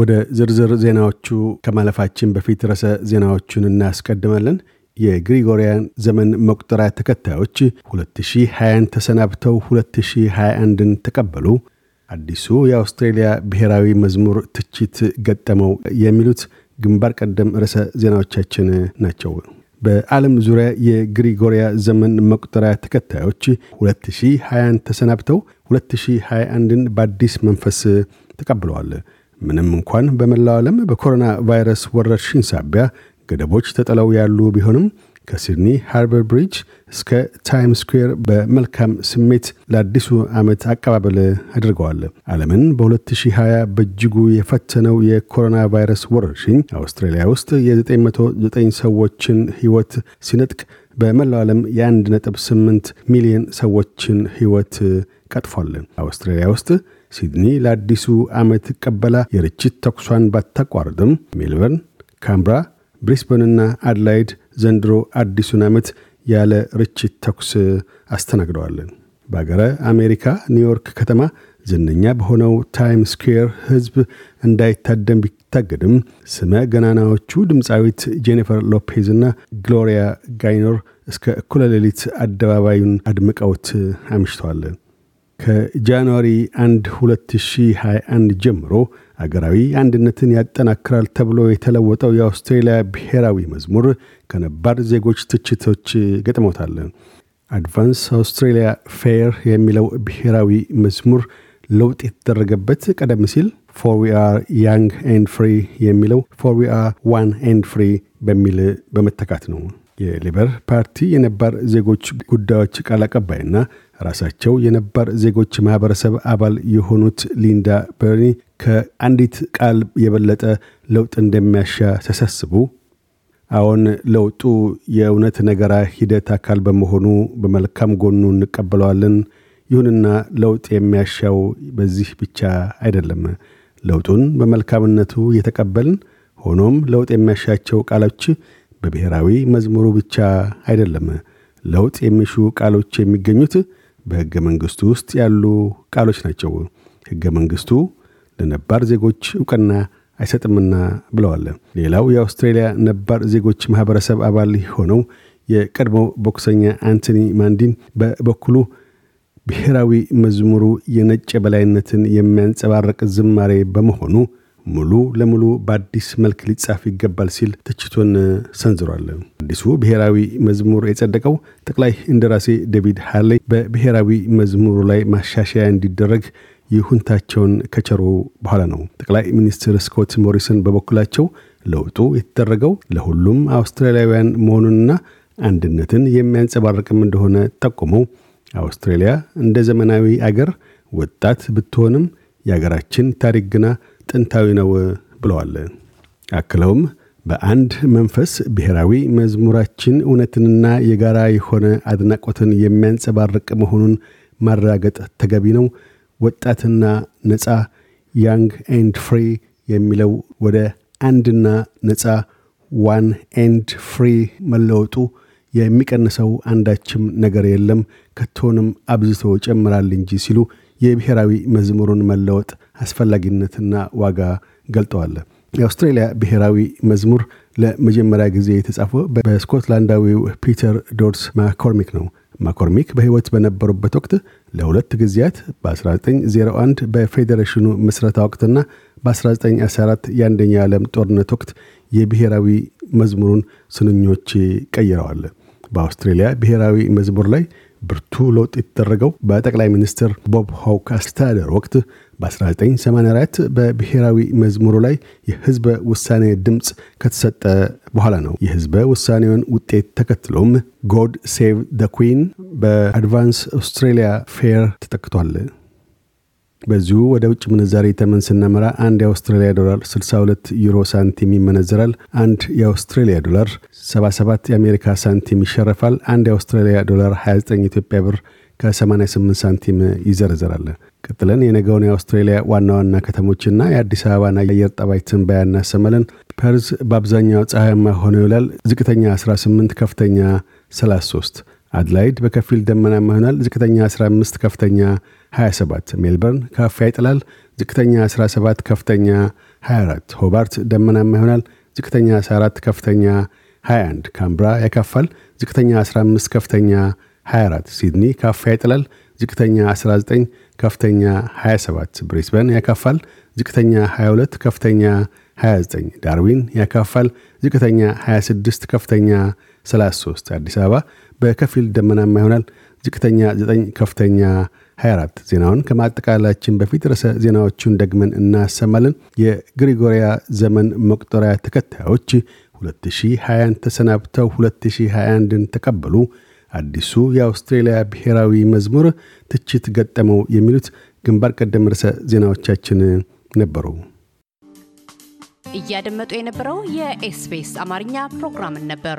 ወደ ዝርዝር ዜናዎቹ ከማለፋችን በፊት ረዕሰ ዜናዎቹን እናስቀድማለን። የግሪጎሪያን ዘመን መቁጠሪያ ተከታዮች 2020ን ተሰናብተው 2021ን ተቀበሉ፣ አዲሱ የአውስትሬልያ ብሔራዊ መዝሙር ትችት ገጠመው፣ የሚሉት ግንባር ቀደም ርዕሰ ዜናዎቻችን ናቸው። በዓለም ዙሪያ የግሪጎሪያ ዘመን መቁጠሪያ ተከታዮች 2020ን ተሰናብተው 2021ን በአዲስ መንፈስ ተቀብለዋል። ምንም እንኳን በመላው ዓለም በኮሮና ቫይረስ ወረርሽኝ ሳቢያ ገደቦች ተጥለው ያሉ ቢሆንም ከሲድኒ ሃርበር ብሪጅ እስከ ታይም ስኩዌር በመልካም ስሜት ለአዲሱ ዓመት አቀባበል አድርገዋል። ዓለምን በ2020 በእጅጉ የፈተነው የኮሮና ቫይረስ ወረርሽኝ አውስትራሊያ ውስጥ የ909 ሰዎችን ሕይወት ሲነጥቅ በመላው ዓለም የ1.8 ሚሊዮን ሰዎችን ሕይወት ቀጥፏል። አውስትራሊያ ውስጥ ሲድኒ ለአዲሱ ዓመት ቀበላ የርችት ተኩሷን ባታቋርጥም ሜልበርን፣ ካምብራ፣ ብሪስበንና አድላይድ ዘንድሮ አዲሱን ዓመት ያለ ርችት ተኩስ አስተናግደዋል። በአገረ አሜሪካ ኒውዮርክ ከተማ ዝነኛ በሆነው ታይም ስኩዌር ህዝብ እንዳይታደም ቢታገድም ስመ ገናናዎቹ ድምፃዊት ጄኒፈር እና ግሎሪያ ጋይኖር እስከ እኩለ ሌሊት አደባባዩን አድምቀውት አምሽተዋል። ከጃንዋሪ 1 2021 ጀምሮ አገራዊ አንድነትን ያጠናክራል ተብሎ የተለወጠው የአውስትሬልያ ብሔራዊ መዝሙር ከነባር ዜጎች ትችቶች ገጥሞታል። አድቫንስ አውስትሬልያ ፌር የሚለው ብሔራዊ መዝሙር ለውጥ የተደረገበት ቀደም ሲል ፎር ዊ አር ያንግ ኤንድ ፍሪ የሚለው ፎር ዊ አር ዋን ኤንድ ፍሪ በሚል በመተካት ነው። የሊበር ፓርቲ የነባር ዜጎች ጉዳዮች ቃል አቀባይና ራሳቸው የነባር ዜጎች ማህበረሰብ አባል የሆኑት ሊንዳ በርኒ ከአንዲት ቃል የበለጠ ለውጥ እንደሚያሻ ተሳስቡ አሁን ለውጡ የእውነት ነገራ ሂደት አካል በመሆኑ በመልካም ጎኑ እንቀበለዋለን ይሁንና ለውጥ የሚያሻው በዚህ ብቻ አይደለም ለውጡን በመልካምነቱ የተቀበልን ሆኖም ለውጥ የሚያሻቸው ቃሎች በብሔራዊ መዝሙሩ ብቻ አይደለም። ለውጥ የሚሹ ቃሎች የሚገኙት በሕገ መንግሥቱ ውስጥ ያሉ ቃሎች ናቸው። ሕገ መንግሥቱ ለነባር ዜጎች እውቅና አይሰጥምና ብለዋል። ሌላው የአውስትሬልያ ነባር ዜጎች ማኅበረሰብ አባል የሆነው የቀድሞ ቦክሰኛ አንቶኒ ማንዲን በበኩሉ ብሔራዊ መዝሙሩ የነጭ በላይነትን የሚያንጸባርቅ ዝማሬ በመሆኑ ሙሉ ለሙሉ በአዲስ መልክ ሊጻፍ ይገባል ሲል ትችቱን ሰንዝሯል። አዲሱ ብሔራዊ መዝሙር የጸደቀው ጠቅላይ እንደራሴ ዴቪድ ሃሌ በብሔራዊ መዝሙሩ ላይ ማሻሻያ እንዲደረግ ይሁንታቸውን ከቸሩ በኋላ ነው። ጠቅላይ ሚኒስትር ስኮት ሞሪሰን በበኩላቸው ለውጡ የተደረገው ለሁሉም አውስትራሊያውያን መሆኑንና አንድነትን የሚያንጸባርቅም እንደሆነ ጠቁመው አውስትራሊያ እንደ ዘመናዊ አገር ወጣት ብትሆንም የአገራችን ታሪክ ግና ጥንታዊ ነው ብለዋል። አክለውም በአንድ መንፈስ ብሔራዊ መዝሙራችን እውነትንና የጋራ የሆነ አድናቆትን የሚያንጸባርቅ መሆኑን ማረጋገጥ ተገቢ ነው። ወጣትና ነፃ ያንግ ኤንድ ፍሪ የሚለው ወደ አንድና ነፃ ዋን ኤንድ ፍሪ መለወጡ የሚቀንሰው አንዳችም ነገር የለም ከቶንም አብዝቶ ጨምራል እንጂ ሲሉ የብሔራዊ መዝሙሩን መለወጥ አስፈላጊነትና ዋጋ ገልጠዋል። የአውስትሬልያ ብሔራዊ መዝሙር ለመጀመሪያ ጊዜ የተጻፈው በስኮትላንዳዊው ፒተር ዶርስ ማኮርሚክ ነው። ማኮርሚክ በሕይወት በነበሩበት ወቅት ለሁለት ጊዜያት በ1901 በፌዴሬሽኑ ምስረታ ወቅትና በ1914 የአንደኛ ዓለም ጦርነት ወቅት የብሔራዊ መዝሙሩን ስንኞች ቀይረዋል። በአውስትሬልያ ብሔራዊ መዝሙር ላይ ብርቱ ለውጥ የተደረገው በጠቅላይ ሚኒስትር ቦብ ሆውክ አስተዳደር ወቅት በ1984 በብሔራዊ መዝሙሩ ላይ የህዝበ ውሳኔ ድምፅ ከተሰጠ በኋላ ነው። የህዝበ ውሳኔውን ውጤት ተከትሎም ጎድ ሴቭ ደ ኩን በአድቫንስ አውስትሬሊያ ፌር ተጠቅቷል። በዚሁ ወደ ውጭ ምንዛሪ ተመን ስናመራ አንድ የአውስትራሊያ ዶላር 62 ዩሮ ሳንቲም ይመነዘራል። አንድ የአውስትራሊያ ዶላር 77 የአሜሪካ ሳንቲም ይሸረፋል። አንድ የአውስትራሊያ ዶላር 29 ኢትዮጵያ ብር ከ88 ሳንቲም ይዘረዘራል። ቀጥለን የነገውን የአውስትሬሊያ ዋና ዋና ከተሞችና የአዲስ አበባን አየር ጠባይ ትንበያ እናሰማለን። ፐርዝ በአብዛኛው ፀሐያማ ሆኖ ይውላል። ዝቅተኛ 18፣ ከፍተኛ 33 አድላይድ በከፊል ደመናማ ይሆናል። ዝቅተኛ 15፣ ከፍተኛ 27። ሜልበርን ካፋ ይጥላል። ዝቅተኛ 17፣ ከፍተኛ 24። ሆባርት ደመናማ ይሆናል። ዝቅተኛ 14፣ ከፍተኛ 21። ካምብራ ያካፋል። ዝቅተኛ 15፣ ከፍተኛ 24። ሲድኒ ካፋ ይጥላል። ዝቅተኛ 19፣ ከፍተኛ 27። ብሪስበን ያካፋል። ዝቅተኛ 22፣ ከፍተኛ 29። ዳርዊን ያካፋል። ዝቅተኛ 26፣ ከፍተኛ 33 አዲስ አበባ በከፊል ደመናማ ይሆናል። ዝቅተኛ 9 ከፍተኛ 24 ዜናውን ከማጠቃላችን በፊት ረዕሰ ዜናዎቹን ደግመን እናሰማለን። የግሪጎሪያ ዘመን መቁጠሪያ ተከታዮች 2020ን ተሰናብተው 2021ን ተቀበሉ። አዲሱ የአውስትሬልያ ብሔራዊ መዝሙር ትችት ገጠመው። የሚሉት ግንባር ቀደም ርዕሰ ዜናዎቻችን ነበሩ። እያደመጡ የነበረው የኤስፔስ አማርኛ ፕሮግራምን ነበር።